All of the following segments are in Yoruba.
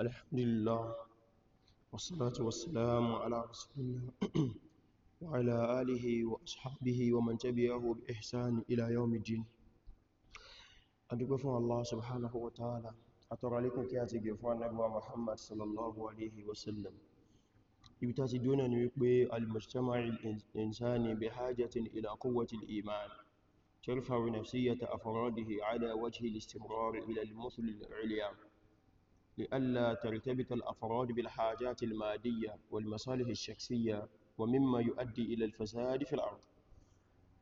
الحمد لله والصلاة والسلام على رسول الله وعلى آله وأصحابه ومن تبعه بإحسان إلى يوم الدين أدقفوا الله سبحانه وتعالى أترى لكم كاتي قفوا النبوة محمد صلى الله عليه وسلم يبتاتي دون أن يقبي المجتمع الإنساني بحاجة إلى قوة الإيمان ترفع نفسية أفراده على وجه الاستمرار إلى المثل العليا لئلا ترتبط الأفراد بالحاجات المادية والمصالح الشخصية ومما يؤدي إلى الفساد في الأرض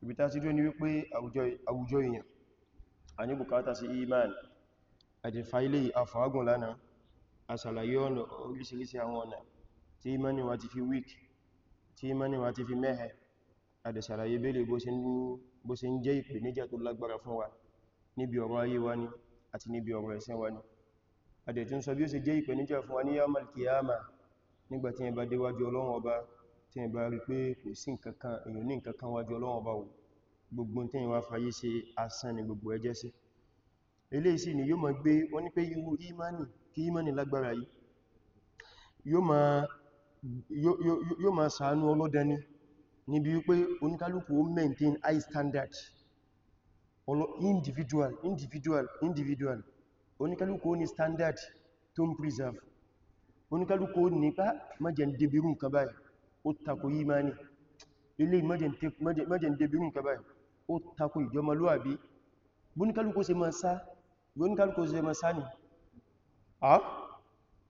ibi ta ti dúnni wípé àwùjọ èèyàn a ní bùkátà sí iman àdìfà ilé àfàágùn lánàá a sàlàyé ọ̀nà oríṣìíríṣìí àwọn ọ̀nà tí imani wa ti fi wík tí imani wa ti fi mẹ́hẹ̀ àdìsàlàyé bèèrè bó ṣe ń jẹ́ ìpèníjà tó lágbára fún wa níbi ọ̀rọ̀ ayé wa ni àti níbi ọ̀rọ̀ ẹ̀sẹ̀ wa ni àdẹ̀tún sọ bí ó ṣe jẹ́ ìpèníjà fún wa ní yamal kiyama nígbà tí ẹ bá déwájú ọlọ́run ọba tí ẹ bá rí pé kò sí nǹkankan èyàn ní nǹkankan wájú ọlọ́run ọba wò gbogbo tí wọ́n fayé ṣe asán ni gbogbo ẹjẹ́ sí eléyìí sì ni yóò máa gbé wọ́n ní pé irú imani kí imani lágbára yìí yóò máa ṣàánú high standard individual individual individual oníkálùkù ní standard tó ń preserve oníkálùkù ní pá ah, májẹ̀n debirun kan báyìí ó tako yí máa ní ilé májẹ̀n debirun kan báyìí ó tako ìjọmọlúwàbí oníkálùkù ṣe máa sá oníkálùkù ṣe máa sá ní à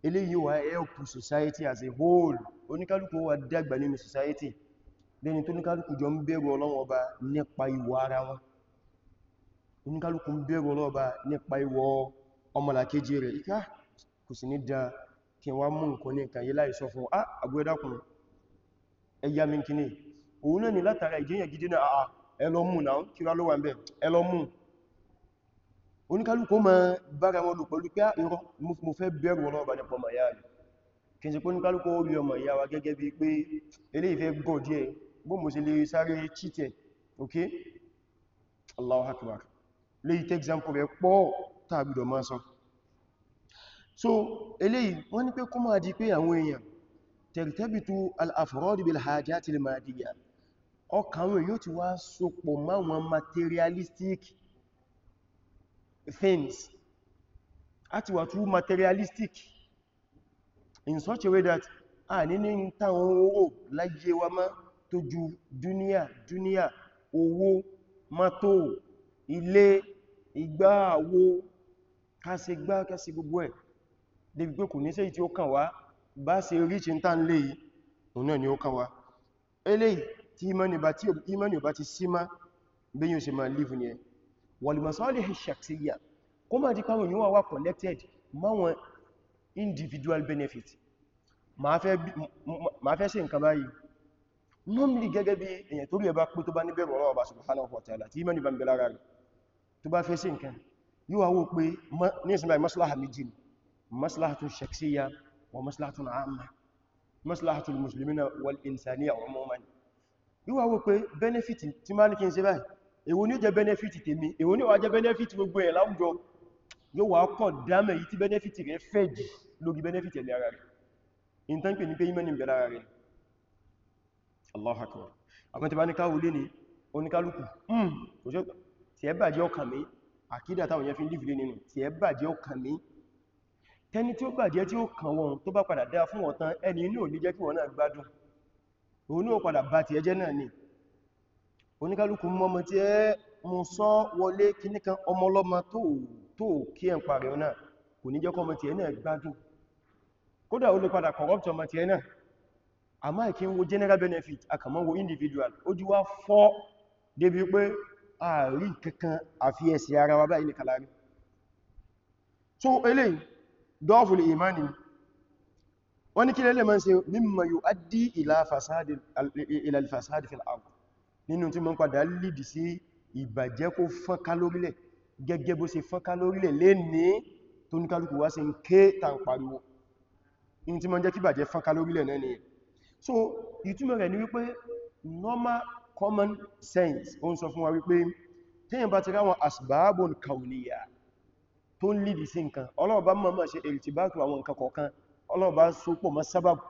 ilé yíò wà help society as a whole oníkálùkù wà dàgbà nínú society lẹ́ni tó níkálùkù jọ ń bẹ̀rù ọlọ́wọ́ ọba nípa ìwọ ara wọn oníkálùkù ń bẹ̀rù ọlọ́wọ́ ọba nípa ìwọ ọmọlàkejì rẹ̀ iká ah, kò sì ní da kí wá mú nǹkan ní nǹkan yí láì sọ fún ah agbẹ́dàkùn ẹya mi kí ní òun náà ni látara ìjẹyàn gidi náà àà ah, ẹlọ́mù náà kí wá ló wà ń bẹ̀ ẹlọ́mù oníkálùkù ma bára wọn lò pẹ̀lú pé ah, irọ́ mo fẹ́ bẹ̀rù wọn ọba nípa ọmọ ìyá rẹ̀ kí n sì pé oníkálùkù ó rí ọmọ ìyá lè sáré chítẹ̀ rẹ̀ pọ̀ tàbí dọ̀ so eléyìí wọ́n ní pé kó máa di pé àwọn èèyàn tẹ̀rìtẹ́bìtú al-afrad bil-hajati al-madiyya ọkàn àwọn èèyàn ti wá sopọ̀ máwọn materialistic things àti wà too materialistic in such a way that a níní táwọn owó láyé wa má tó ju dúníà dúníà owó mọ́tò ilé ìgbáàwó kásẹgbá kásẹ gbogbo ẹ̀ débi pé kò ní sí tí ó kàn wá bá ṣe ríṣì ń tán léyìí òun náà ni ó kàn wá eléyìí tí imani ò bá ti símá bí yíò ṣe máa live ní ẹ wal masalih kó máa di pàwọn yíò wà connected máwọn individual benefit ma fẹ́ ṣe nǹkan báyìí normally gẹ́gẹ́ bí èyàn tó rí ẹba pé tó bá ní bẹ̀rù Ọlọ́run Ọba subhanahu wa ta'ala tí imani bá ń bẹ lára rẹ̀ tó bá fẹ́ ṣe nǹkan yíò wá wò pé ní ìsinmi maslaha méjì maslahatun shaksiyya wa maslahatun amma maslahatul muslimina wal insaniya umuman yíwa wó pé benefit tí máa ní kí n ṣe báyìí èwo ni ó jẹ́ benefit tèmi èwo ni ó wá jẹ́ benefit gbogbo ẹ̀ láwùjọ yóò wá kọ̀ dámẹ̀ yìí tí benefit rẹ̀ fẹ́ jù lórí benefit ẹ̀lẹ́ ara rẹ̀ in tán pè ní pé imani bẹ̀rẹ̀ ara rẹ̀ Allahu akbar àwọn tí bá ní káwò lé ní oníkálùkù tí ẹ bàjẹ́ ọkàn mi àkídà táwọn yẹn fi ń lífìlé nínú tí ẹ bàjẹ́ ọkàn mi tẹni tí ó bàjẹ́ tí ó kàn wọn tó bá padà dá fún ọ̀tán ẹni inú ní jẹ́ kí wọ́n náà gbádùn òun náà padà bá ti ẹjẹ́ náà ni oníkálùkù mọ́mọ́ tí ẹ mú sọ wọlé kíníkan ọmọlọ́mọ tó kí ẹ ń parẹ̀ náà kò ní jẹ́ kọ́mọ tí ẹ náà gbádùn kódà ó lè padà corrupt ọmọ tí ẹ náà benefit àkàmọ́ individual ó jí wá fọ́ débi pé ààrí kankan àfiyèsí so eléyìí dọ́fùl ìmáni wọ́n ní kí lẹ́lẹ̀ máa ń ṣe mimma yuaddi ila fasadi ila al-fasadi fil ard nínú tí mọ́ ń padà lìdì sí ìbàjẹ́ kó fán kálórílẹ̀ gẹ́gẹ́ bó ṣe fán kálórílẹ̀ lé ní tó wá sí ń ké tàn so ìtumọ̀ rẹ̀ normal common sense ó ń sọ fún wa wípé téèyàn bá tó ń lìdì sí nǹkan ọlọ́ọ̀bá mọ́mọ́ ṣe ìrìtìbátù àwọn nǹkan kọ̀ọ̀kan ọlọ́ọ̀bá sópọ̀ mọ́ sábàbù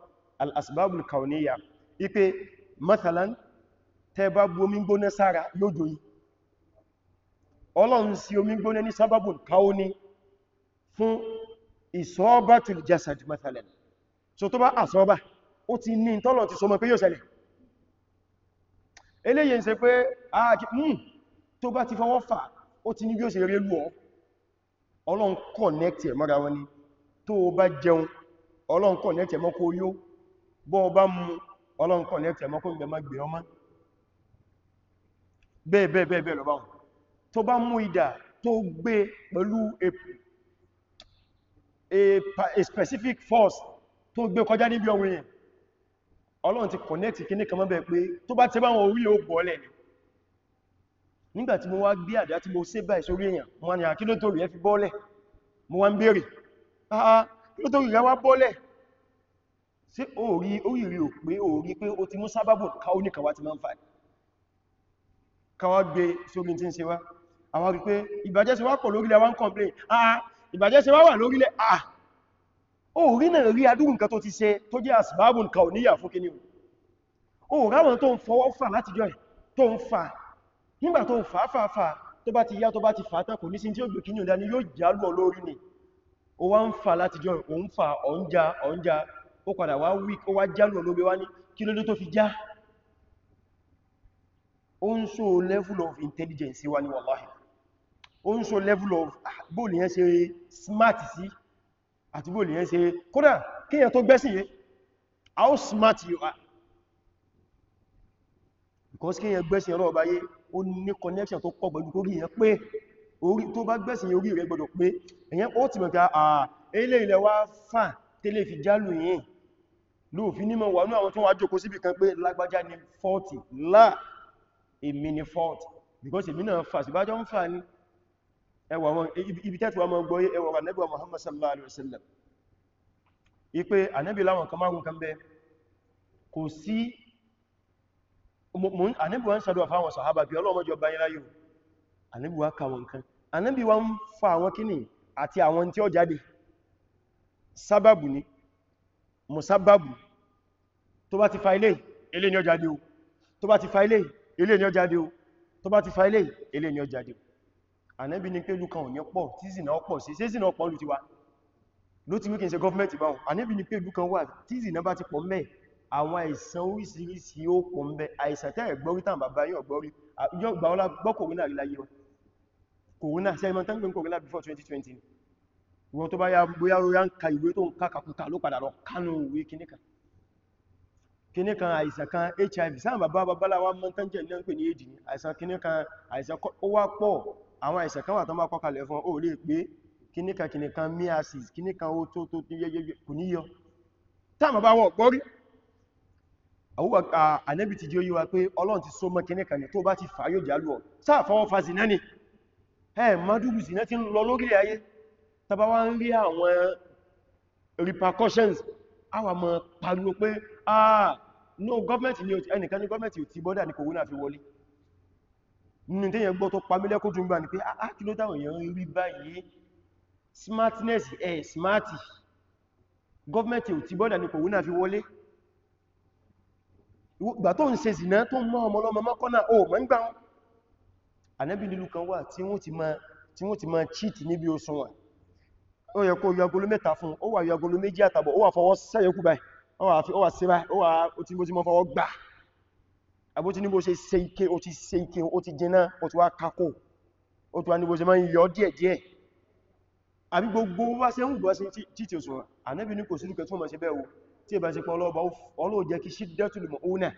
al'asibabul kauniya ipe mathalan tẹ bá bu omi gbóná sára lójò yìí ọlọ́run sí omi gbóná ní sábàbul kauni fún ìsọ́ọ́bátùl jasad mathalan so tó bá àsọ́ọ́bá ó ti ní tọ́lọ̀ ti sọmọ pé yóò ṣẹlẹ̀ eléyìí ń pé ààkì ah, hmm, tó bá ti fọwọ́ fà ó ti ní bí ó ṣe rí lú ọ́ ọlọ́run connect ẹ̀ mọ́ra wọn ni tó o bá jẹun ọlọ́run connect ẹ̀ mọ́ kó yó bọ́ o bá mu ọlọ́run connect ẹ̀ mọ́ kó gbẹ̀mọ́ gbẹ̀ lọ báhùn tó bá mú ìdà tó gbé pẹ̀lú a specific force tó gbé kọjá níbi ọwọ́ yẹn ọlọ́run ti connect kíní kan mọ́ nígbàtí mo wá gbé àdá tí mo sé báyìí sórí èyàn mo ní àkílò tó rí ẹ fi bọ́ọ̀lẹ̀ mo wá ń bèèrè àà ah, ah, kílò tó rí rẹ wá bọ́ọ̀lẹ̀ sí orí oríire ò pé orí pé o ti mú sábàbù káwọ́ ní kàwà ti máa ń fà káwà gbé sórí tí ń ṣe wá àwọn rí pé ìbàjẹ́ ṣe wá pọ̀ lórílẹ̀ wá ń complain àà ah, ìbàjẹ́ ṣe wá wà lórílẹ̀ àà orí náà rí tó o ráwọn tó ń fọwọ́ fà látijọ́ tó ń nígbà tó fàáfàáfà tó bá ti yá tó bá ti fàátà kò ní sí tí ó gbé kíní ìdáni yóò jálù olórí ni ó wá ń fa láti jọ òun fa ọ̀njá ọ̀njá ó padà wá wí ó wá jálù olóbi wá ní kí ló tó fi já ó ń sọ level of intelligence wá ní wàláhì ó ń sọ level of ah, bóòlù yẹn ṣe smart sí àti bóòlù yẹn ṣe kódà kíyàn tó gbẹ́sìn yẹ how smart you are because kíyàn gbẹ́sìn ọlọ́ọ̀báyé ó ní connection tó pọ̀ pẹ̀lú orí yẹn pé orí tó bá gbẹ̀sìn orí rẹ̀ gbọdọ̀ pé èyàn ó ti mọ̀ká àà ilẹ̀ ilẹ̀ wá fà tẹ́lẹ̀ fi jálù yìí lóòfin nímọ̀ wà ní àwọn tó wá jókòó síbì kan pé lágbájá ni 40 láà èmi ni 40 because èmi náà fà síbájọ́ ń fà ní ẹwà wọn ibi tẹ́tù wọn gbọ́ ẹwà ànábì wa Muhammad sallallahu alaihi wasallam ànábì wá ń sàdọ̀ fáwọn sàhábà bí ọlọ́mọjọ bá yín láyò ànábì wá ka wọn kan ànábì wá ń fa àwọn kíní àti àwọn tí ó jáde sábàbù ni musábàbù tó bá ti fa ilé ilé ni ó jáde o tó bá ti fa ilé ilé ni ó jáde o tó bá ti fa ilé ilé ni ó jáde o ànábì ní pé ìlú kan ò ní pọ̀ tí zìnà ọ̀pọ̀ sí sí zìnà ọ̀pọ̀ lù ti ti wí kí n ṣe gọ́ọ̀mẹ́ntì báwọn ànábì ní pé ìlú kan wà tí zìnà ti pọ̀ mẹ́ẹ̀ àwọn àìsàn oríṣiríṣi ó pọ̀ ń bẹ àìsàn tẹ́ ẹ̀gbọ́rí tàn bàbá yíò gbọ́rí yóò gbà ọlá gbọ́ kòrónà rí láyé kòrónà sí ẹmọ tán gbé kòrónà before 2020 wọn tó bá yá bóyá rọra ń ka ìwé tó ń kàkàkùkà ló padà lọ kánú ìwé kìníkan kìníkan hiv sáà bàbá babaláwa mọ́ tán jẹ́ lẹ́ń pè ní èdè àìsàn kìníkan àìsàn ó wá pọ̀ àwọn àìsàn kan wà tán bá kọkalẹ̀ fún ó miasis kìníkan ó tó tó yẹyẹ kò níyọ táà ànábì ti jẹ́ yíwa pé ọlọ́run ti so mọ́ kìíní kan ní tó bá ti fà yóò jálù ọ̀ sáà fọwọ́ fa zìnà ni ẹ madúgbù zìnà ti ń lọ lórí ayé tàbá ń rí àwọn repercussions àwa mọ̀ pariwo pé ah no government ni ẹnìkan ní government ò ti bọ́dà ní corona fi wọlé nínú tẹ́yẹn gbọ́ tó pamílẹ́ kó dùngbà smartness ẹ̀ smarty government ò ti bọ́dà ní corona fi wọlé ìgbà tó ń ṣe zìnà tó mọ́ ọmọ ọlọ́mọ mọ́kànlá o mọ́ ń gbà wọn ànábì nílù kan wà tí wọ́n ti máa cheat níbi oṣù wọn ó yẹ kó yagolo mẹ́ta fún ó wà yagolo méjì àtàbọ̀ ó wà fọwọ́ sẹ́yọkú báyìí ó wà sí báyìí ó wà ó ti bó fọwọ́ gbà àbó ti níbo ṣe ṣe ike ó ti ṣe ike ó ti jiná ó ti wá kakó ó ti wá níbo ṣe máa ń yọ díẹ̀díẹ̀ àbí gbogbo wá ṣe ń gbọ́ sí títí oṣù wọn ànábì ní kò sí tí ìbá ṣe pọ̀ ọlọ́ọ̀bá ọlọ́ọ̀ jẹ́ kí ṣídẹ́tù lè mọ̀ ọ́nà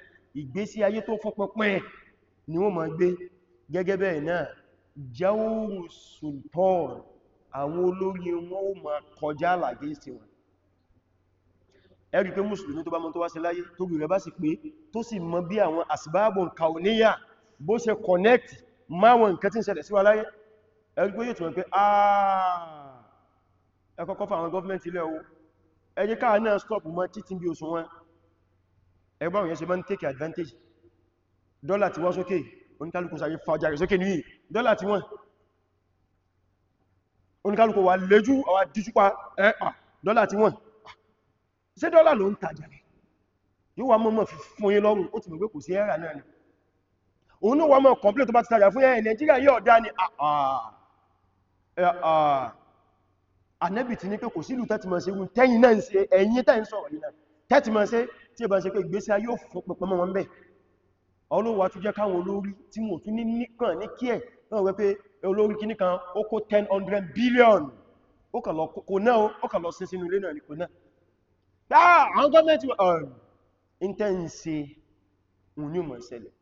ìgbésí ayé tó fún pẹ́pẹ́ ni wọ́n máa gbé gẹ́gẹ́ bẹ́ẹ̀ náà jáwòrò sultan àwọn olórí wọn ó máa kọjá àlàgé sí wọn ẹ̀rí pé mùsùlùmí tó bá mọ́ tó wá sí láyé tó gbìrẹ̀ bá sì pé tó sì mọ̀ bí àwọn asbabun kauniya bó ṣe connect máwọn nǹkan tí ń ṣẹlẹ̀ sí wa láyé ẹ̀rí pé yóò tí wọ́n pé àà ẹkọ́kọ́ fún àwọn gọ́ọ̀mẹ́ntì ilẹ̀ owó ẹjẹ́ káà náà stop mọ́ títí bí oṣù wọn ẹgbọ́n yẹn ṣe mọ́ ń take advantage dọ́là tí wọ́n sókè oníkálùkù sáré fàájà rẹ̀ sókè níyì dọ́là tí wọ́n oníkálùkù wà lẹ́jú àwà díjúpa ẹ́pà dọ́là tí wọ́n ṣe dọ́là ló ń tàjà rẹ̀ yóò wà mọ́ fi fún yín lọ́rùn ó ti mọ̀ pé kò sí ẹ́rà náà ni anẹ́bì ti ní pé kò sílù tẹ́tì máa ṣe wù tẹ́yìn náà ń ṣe ẹ̀yìn tẹ́ ń sọ̀rọ̀ yìí náà tẹ́tì máa ṣe tí ó bá ṣe pé ìgbésí ayé òfin pẹ̀pẹ̀ mọ́ wọn bẹ̀ ọlọ́wà tún jẹ́ káwọn olórí tí wọ́n tún ní nìkan ní kí ẹ̀ billion ó kà lọ kò náà ó kà lọ sí sínú ilé náà ní kò náà dáa àwọn gọ́ọ̀mẹ́ntì ń tẹ́ ń ṣe òun yóò mọ̀ ṣẹlẹ̀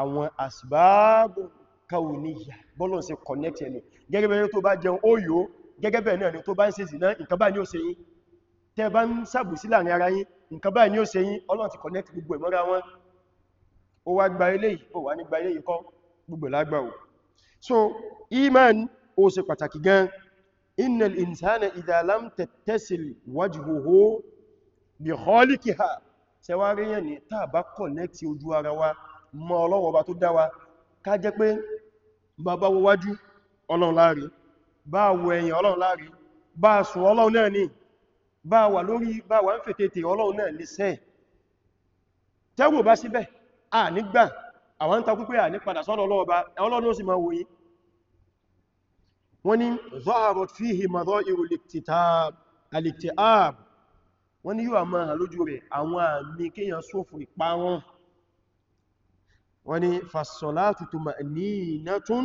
àwọn asbáàbù kàwò níyà bọ́lọ̀ sí connect ẹ̀lẹ̀ gẹ́gẹ́ bẹ́rẹ̀ tó bá jẹun ó yóò gẹ́gẹ́ bẹ́ẹ̀ náà ni tó bá ń ṣe zìná nǹkan báyìí ni ó ṣe yín tẹ́ bá ń ṣàbùsí láàrin ara yín nǹkan báyìí ni ó ṣe yín Ọlọ́run ti connect gbogbo ẹ̀ mọ́ra wọn ó wá gba eléyìí ó wá ní gba eléyìí kọ́ gbogbo lágbà so iman ó ṣe pàtàkì gan innal insana idha lam tattasil wajhuhu bi khaliqiha ṣe wá rí yẹn ni tá wa mọ́ Ọlọ́run ọba tó dá wa ká jẹ́ Ọlọ́run láàrin bá wọ ẹ̀yìn ọlọ́run láàrí bá sùn ọlọ́run náà ní bá wà lórí bá wà ń fètètè ọlọ́run náà lè sẹ́ tẹ́wò bá síbẹ̀ à nígbà àwọn ń takú pé à ní padà sọ́dọ̀ ni zaharat fihi madha'iru ni yóò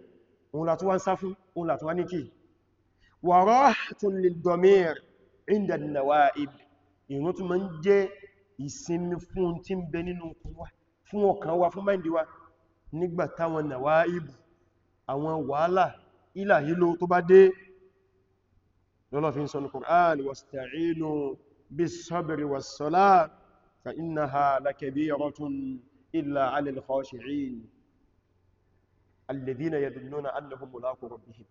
òun látún wá ń sá fún òun látún wá ní kí wa rahatun lid-damir inda an-nawa'ib ìrún tún ma ń jẹ́ ìsinmi fún tí ń bẹ nínú wa fún ọkàn wa fún máìndì wa nígbà táwọn nawa'ib àwọn wàhálà ìlà hílò tó bá dé lọ́lọ́fin sọ alladhina yadhunnuna annahum mulaqu rabbihim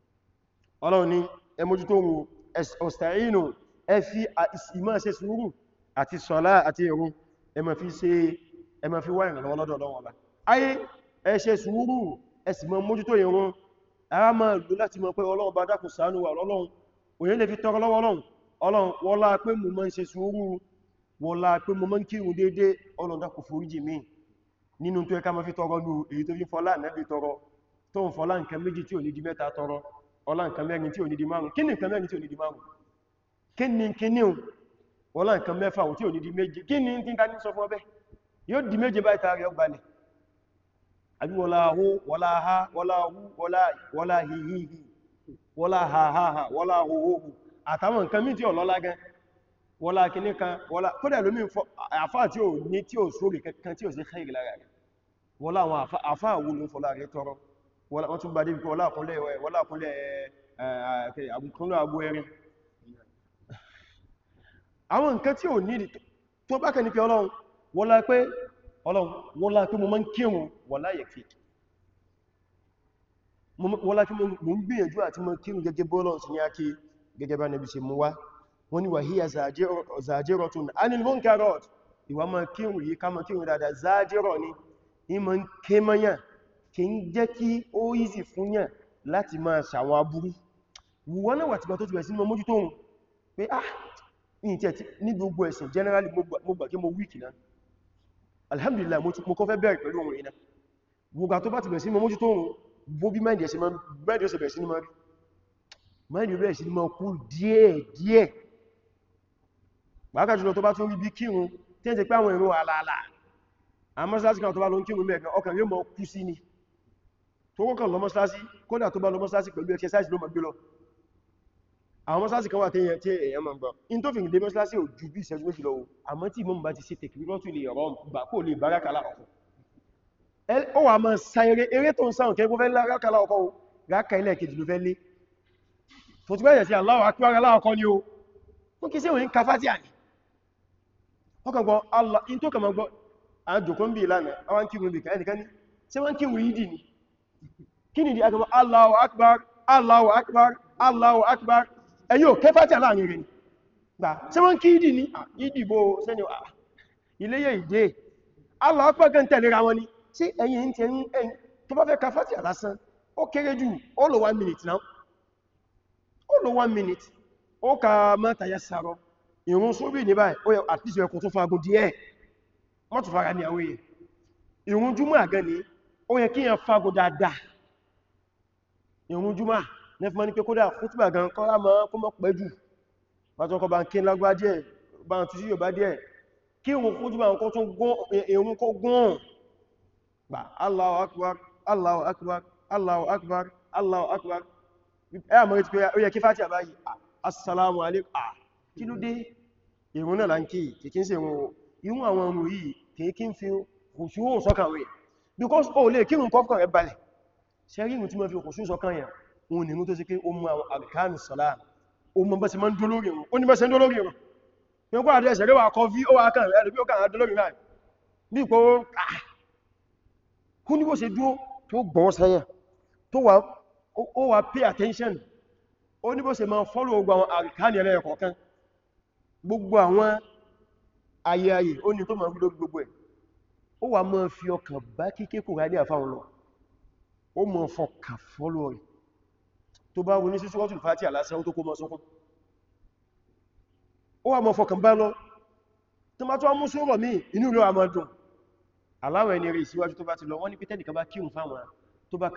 ọlọ́run ni ẹ mójútó ohun ọ̀stàínù ẹ fi ìmá ṣe sùúrù àti sọ́lá àti ìrun ẹ ma fi ṣe ẹ ma fi wá ìrànlọ́wọ́ lọ́dọ̀ Ọlọ́run Ọba ayé ẹ ṣe sùúrù ẹ sì ma mójútó ìrun ara ma lò láti mọ̀ pé Ọlọ́run bá dákùn ṣàánú wa Ọlọ́run òyìn lè fi tọrọ lọ́wọ́ Ọlọ́run Ọlọ́run wọ́lá pé mo mọ́ ń fi tọrọ lu èyí tó tó ń fọ́lá nǹkan méjì tí ò ní di mẹ́ta tọrọ ọlá nǹkan mẹ́rin tí ò ní di márùn kí ni nǹkan mẹ́rin tí ò ní di márùn kí ni kí ni ò ọlá nǹkan mẹ́fà ò tí ò ní di méje kí ni tí ń dání sọ fún ọbẹ̀ yóò di méje báyìí tààrí ọgbàlẹ̀ àbí wọlá hó hihihi wọlá ha ha ha wọlá hohohu àtàwọn nǹkan mí tí ò lọ́lá gan wọlá kìíní kan wọlá kódà lómi àfáà tí ò ní tí ò sórí kankan tí ò sí kẹ́ àwọn àfáà wo ló rẹ̀ tọrọ wọ́n tún bá débi pé ọlákúnlẹ̀ wọ́lákúnlẹ̀ àgùnkúnlẹ̀ àgbó ẹrin àwọn nǹkan tí ò nídi tó bá kẹ́ ní pé ọlọ́run wọ́lá pé ọlọ́run wọ́lá pé mo máa ń kírun wọ́lá yẹ̀ fi wọ́lá pé mo ń gbìyànjú àti mo kírun gẹ́gẹ́ bọ́ọ̀lọ́ sí ní ákí gẹ́gẹ́ bá nẹbi ṣe mú wá wọ́n kì ń jẹ́ kí ó easy fún yàn láti máa ṣàwọn aburú wọ́n náà wà tí tó ti bẹ̀ sí mọ́ mójútó ohun pé ah ní tí ẹ̀tí ní gbogbo ẹ̀sìn generally mo gbà kí mo wíkì náà alhamdulillah mo kọ́ fẹ́ bẹ̀rẹ̀ pẹ̀lú ohun ìná gbogbo tó bá ti bẹ̀ sí mọ́ mójútó ohun bó bí mẹ́ndì ẹ̀sìn bẹ̀rẹ̀ sí ní mọ́ rí mẹ́ndì bẹ̀rẹ̀ sí ní mọ́ kú díẹ̀ díẹ̀ pàákà jùlọ tó bá tún rí bí kírun tí ẹ̀ ti pé àwọn ìrún àlàálà àmọ́ sí láti kan tó bá lọ kírun mẹ́ẹ̀kan ọkàn yóò mọ́ kú sí ni tó kọ́kàn lọ mọ́sálásí kódà tó bá lọ mọ́sálásí pẹ̀lú exercise ló máa gbé lọ àwọn mọ́sálásí kan wà tí èèyàn máa gbà in tó fi ìdé mọ́sálásí ò ju bí ìṣẹ́jú méjì lọ àmọ́ tí ìmọ̀ bá ti ṣe tẹ̀kìrọ́tù lè rọ̀ gbà kó lè bárákà láàkọ́ ó wà máa sa eré eré tó ń sáhùn kẹ́gbó fẹ́ lárákà láàkọ́ o rákà ilẹ̀ kejì ló fẹ́ lé tó ti bẹ́ẹ̀ sí Allahu akbar láàkọ́ ni o ó kí sí òun ka fátíà ní ọkàn gbọ́ Allah in tó kàn mọ́ gbọ́ àjòkó ń bí ìlànà àwọn kírun bìkan ẹnìkan ní tí wọ́n kírun yìí dì ní kí ni di agbọ́ Allahu Akbar Allahu Akbar Allahu Akbar ẹ̀yin ò kẹfàtí aláàrin rẹ̀ gbà tí wọ́n kí ìdì ní ìdìbò sẹ́ni iléyẹ ìdè Allahu Akbar gan tẹ̀lera wọn ni tí ẹ̀yin tí ẹ̀yin tó bá fẹ́ kẹfàtí alásán ó kéré jù ó lò one minute now ó one minute ó ka mọ́ta yẹ sàrọ ìrún sóbì ní báyìí ó yẹ àtìsẹ̀ ẹkùn tó fagun díẹ̀ mọ́tù fara ní àwẹ́yẹ ìrún júmọ́ àgẹ́ ni ó yẹ kíyàn fago dáadáa ìrun júmà nẹ́fìmọ́ ní pé kódà fútbà gan kọ́lá mọ́ kó mọ́ pẹ́ jù bátọ́kọ́ bá ń kí lágbá díẹ̀ bá ń túsí yóò bá díẹ̀ kí ìrun fútbà kó tún ìrun kó gùn gbà Allahu akbar Allahu akbar Allahu akbar Allahu akbar ẹ̀yà mọ́ ti pé ó yẹ kí fàtí àbáyìí assalamu alaikum kí ló dé ìrun náà láǹkì kìkín sí ìrun àwọn ọmọ yìí kìkín fi kùsùn sọ́kàwẹ̀ because o le, kírun kọ́kọ́ rẹ̀ balẹ̀ ṣe rí ìrùn tí ma fi kò ṣúsọ kan yà òun nìrún tó sì pé o mú àwọn àríkánù sọ́lá o mọ́ bá sí ma ń dólórí ìrùn o ní bá sí ń dólórí ìrùn ní ọkọ̀ àdẹ́ ṣẹ̀rẹ́ wà kọ́ fí ó wà kàn rẹ̀ lórí ó kàn dólórí náà ní ìpò ah, kú ní bó ṣe dúó tó gbọ́n sẹ́yà tó wà ó wà pay attention ó ní bó ṣe ma follow gbogbo àwọn àríkánù ẹlẹ́yẹ kọ̀ọ̀kan gbogbo àwọn ayé ayé ó ní tó ma ń rí gbogbo ẹ̀ ó wà mọ́ fi ọkàn bá kíké Kùránì àfáwọn lọ ó mọ́ fọkà fọ́lọ́ rẹ̀ tó bá wọn ní Suratul Fatiha lásán tó kó mọ́ sọ́kún ó wà mọ́ fọkàn bá lọ tó má tó wá mú sọ́rọ̀ mí inú lọ àmọ́dùn aláwọ̀ ẹni rí síwájú tó bá ti lọ wọ́n ní pété nìkan bá kírun fáwọn tó bá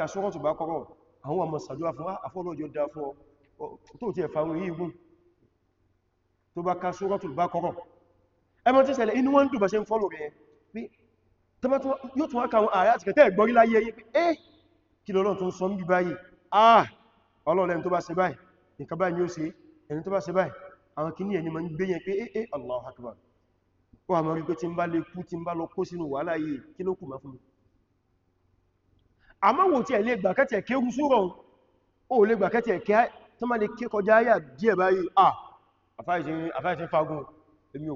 ka yóò tún wá kàwọn ààrẹ àti kẹtẹ́ ẹ̀gbọ́rí láyé yí pé eh kí lọ́lọ́n tó ń sọ níbi báyìí ah ọlọ́lẹ́n tó bá se báyìí nǹkan báyìí yóò se ẹni tó bá ṣe báyìí àwọn kìíní ẹni ma ń gbé yẹn pé eh eh Allahu Akbar wà mọ́ rí pé tí ń bá lè kú tí ń bá lọ kó sínú wàhálà yìí kí ló kù má fún mi àmọ́ wò tí ẹ̀ lè gbà kẹ́tì ẹ̀kẹ́ rú súrọ̀ ó lè gbà kẹ́tì ẹ̀kẹ́ tó má lè ké kọjá ayà díẹ̀ báyìí ah àfáìsí fagun èmi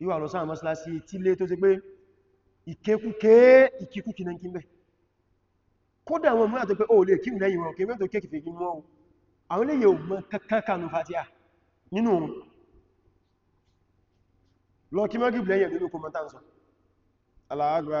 yíò àlọ́ sáà mọ́sálásí tí lé tó ti pé ìkékúké ìkíkúkí náà kí ń bẹ̀ kódà wọn múra tó pé o lè kírun lẹ́yìn wọn kèrè tó kéèkì fèkí mọ́ àwọn lè yẹ òmọ kankankanú fatia nínú òun lọ kí mọ́ gíblẹ̀ yẹ̀ nínú kọmọ táǹsọ aláàgbà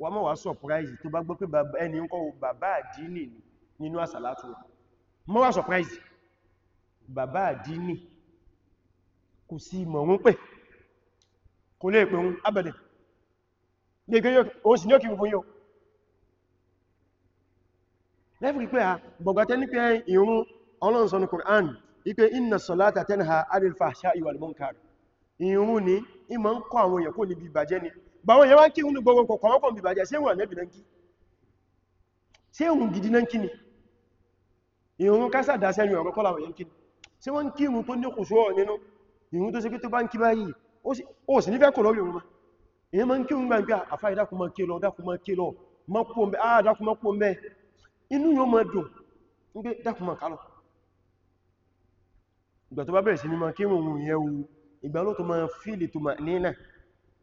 wọ́n mọ́ wá surprise tó bá gbọ́ pé ẹni ń kọ́ bàbá àdínì nínú àsàlátù mọ́ wá surprise bàbá àdínì kò sí mọ̀ ń pè kò lè pè ń abẹ̀dẹ̀ òsì ní òkè gbogbo yóò lẹ́fì pé ah, ní pé ìrún ọlọ́nsọ̀nù Qur'an salata tanha anil fahsha'i wal munkar ìrún ní ìmọ̀ ń ni báwọn èèyàn wá ń kírun ní gbogbo kọ̀kọ̀ ọkọ̀ bìbàjẹ́ sí ìwọ̀n nẹ́bì náà kí sí ìhun gidi náà kí ni ìhun kásà dá sẹ́yìn ọ̀rọ̀ kọ́lá wọ̀nyẹn kí ni sí wọ́n ń kírun tó ní kùsù ọ̀rọ̀ nínú ìhun tó sí pé tó bá ń kí báyìí ó sì nífẹ́ kò lórí òun èyàn máa ń kírun gbà ń ìgbà tó bá bẹ̀rẹ̀ sí ní máa kírun òun yẹn ìgbà ló tó máa fíìlì tó máa nínà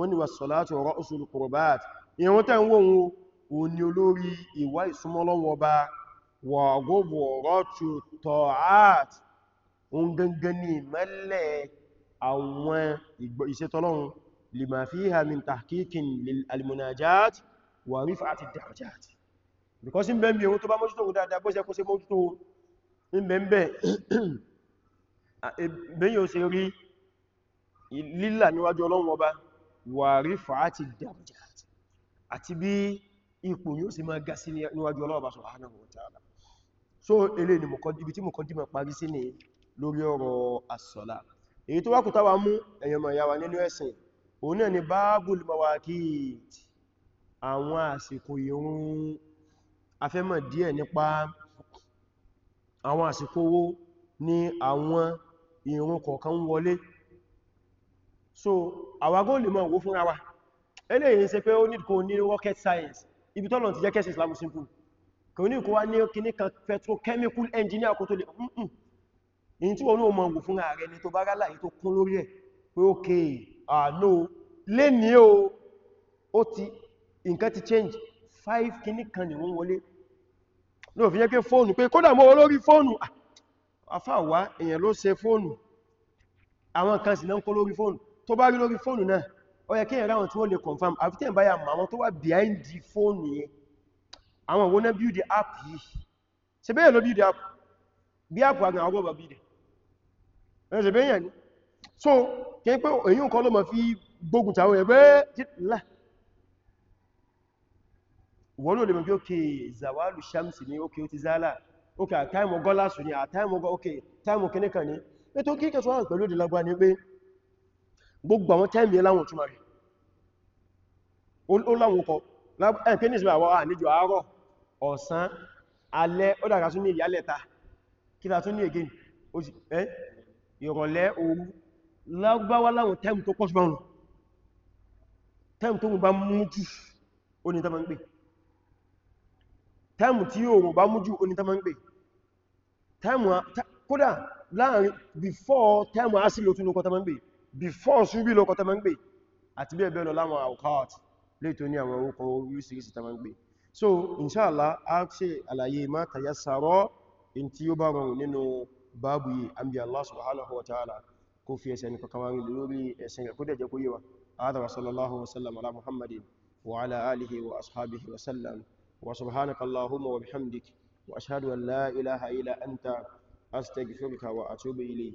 wọ́n ni wà sọ̀látù ra'sul qurbat ìrun tẹ́ ń wò wọn o ni olórí ìwà ìsúnmọ́lọ́wọ́ bá wà gbogbo rọ́tù tọ́át oun gangan ni mẹ́lẹ̀ àwọn ìṣẹ́tọ́lọ́run lima fiha min ohun tó bá mójútó dáadáa bó ṣe kó wà rif'ati darajat àti bí ipò yóò sì máa ga sí níwájú Ọlọ́run subhanahu wa ta'ala so ele ni ibi tí mukaddima parí sí ni lórí ọ̀rọ̀ as-sala èyí tó wákù táwa mú ẹ̀yàn mọ̀ yàwà nínú ẹ̀sìn òun náà ni báábùl mawaqit àwọn àsìkò ìrun afẹ́mọ̀ díẹ̀ nípa àwọn àsìkò wo ni àwọn ìrun kọ̀ọ̀kan wọlé so àwagó lè mọ̀ wó fúnra wa eléyìí ṣe pé ó ní kò ní rocket science ibi tọ́lọ̀ ti jẹ́ kẹ́sì Islam simple kò ní kò wá ní kíní kan petrochemical engineer kò tó lè mún in tí wọ́n mọ̀ wó fúnra rẹ̀ ní tó bá rálà tó kún lórí ẹ̀ pé ok àánú lè ní o ó ti nǹkan ti change five kíní kan ni wọ́n wọlé ní òfin yẹ́ pé fóònù pé kódà mọ́ olórí fóònù ah, àfáà wá èèyàn ló ṣe fóònù àwọn kan sì náà ń kó lórí fóònù tó bá rí lórí fóònù náà ó yẹ kí ẹ̀rá tí wọ́n lè confirm àfi báyà mọ̀ tó wà behind the fóònù yẹn àwọn wo náà build the app yìí ṣe bẹ́ẹ̀ ló build the app bí app àgbà àwọn ọgbà build ẹ̀ ṣe bẹ́yàn ni so kí pé èyí nǹkan ló mọ̀ fi gbógun tàwọn ẹ̀bẹ́ lá gbogbo àwọn tẹ́mì láwọn túnmà rẹ̀ ó láwọn ọkọ̀ ẹ̀kẹ́ ní ìsinmi àwọn àníjò àárọ̀ ọ̀sán alẹ́ ó dára tún ní ìyálẹ̀ta kí ta tún ní ègé ìrọ̀lẹ́ òru lágbàwá láwọn tẹ́mì tó pọ̀ṣù báwọn tẹ́mì tó bá mú jù ó ní tẹ́mà ń pè tẹ́mì tí òòrùn bá mú jù ó ní tẹ́mà ń pè kódà láàrin before tẹ́mì asílò tún ní ọkọ̀ tẹ́mà ń before ṣúbí lọ́kọ̀ tẹ́ ma ń gbé àti bí ẹ̀bẹ̀ lọ láwọn àwọ̀kọ́t lè tó ní àwọn orúkọ orísìírísìí tẹ́ ma ń so inṣáàlá a ṣe àlàyé ma tàyà sàrọ́ in tí ó bá rọrùn nínú báàbù yìí an bí Allah subhanahu wa ta'ala kó fi ẹsẹ̀ nípa kawarin lórí ẹ̀sìn rẹ̀ kó dẹ̀ jẹ́ kó yíwa adara sallallahu wa sallam ala muhammadin wa ala alihi wa ashabihi wa sallam wa subhanaka allahumma wa bihamdik wa ashhadu an la ilaha illa anta astaghfiruka wa atubu ilayk